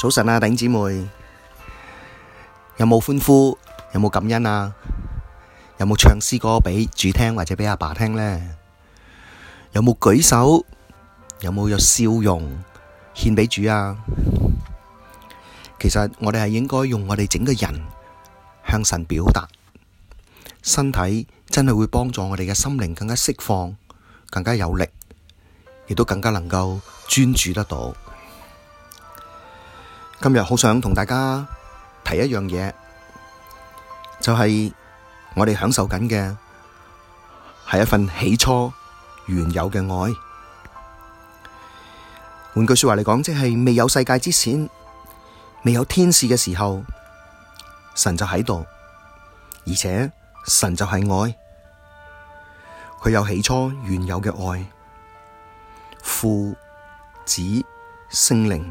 早晨啊，頂姊妹，有冇歡呼？有冇感恩啊？有冇唱詩歌畀主聽或者畀阿爸聽呢？有冇舉手？有冇有笑容獻畀主啊？其實我哋係應該用我哋整個人向神表達，身體真係會幫助我哋嘅心靈更加釋放，更加有力，亦都更加能夠專注得到。今日好想同大家提一樣嘢，就係我哋享受緊嘅係一份起初原有嘅愛。換句說話嚟講，即係未有世界之前，未有天使嘅時候，神就喺度，而且神就係愛，佢有起初原有嘅愛，父、子、聖靈。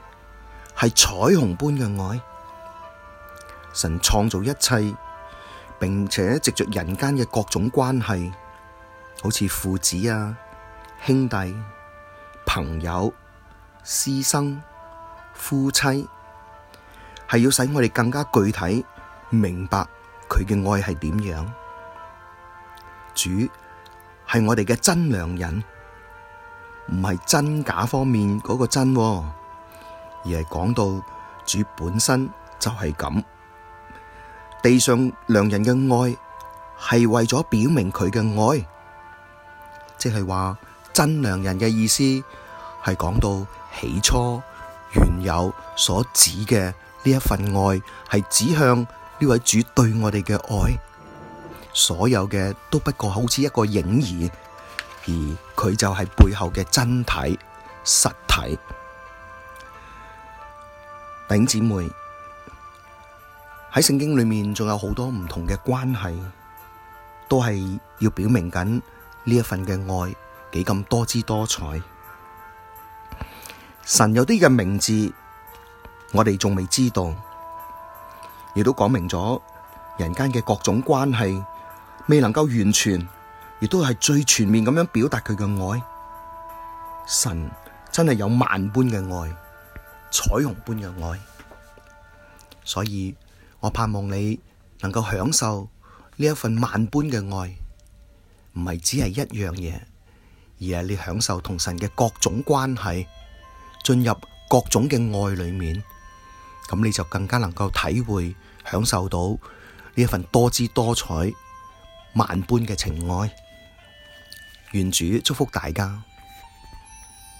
係彩虹般嘅愛，神創造一切，並且藉着人間嘅各種關係，好似父子啊、兄弟、朋友、師生、夫妻，係要使我哋更加具體明白佢嘅愛係點樣。主係我哋嘅真良人，唔係真假方面嗰個真喎。而係講到主本身就係咁，地上良人嘅愛係為咗表明佢嘅愛，即係話真良人嘅意思係講到起初原有所指嘅呢一份愛係指向呢位主對我哋嘅愛，所有嘅都不過好似一個影兒，而佢就係背後嘅真體，實體。弟兄姊妹，喺聖經裏面仲有好多唔同嘅關係，都係要表明緊呢一份嘅愛幾咁多姿多彩。神有啲嘅名字我哋仲未知道，亦都講明咗人間嘅各種關係未能夠完全，亦都係最全面咁樣表達佢嘅愛。神真係有萬般嘅愛。彩虹般嘅愛，所以我盼望你能夠享受呢一份萬般嘅愛，唔係只係一樣嘢，而係你享受同神嘅各種關係，進入各種嘅愛裏面，咁你就更加能夠體會享受到呢一份多姿多彩、萬般嘅情愛。願主祝福大家。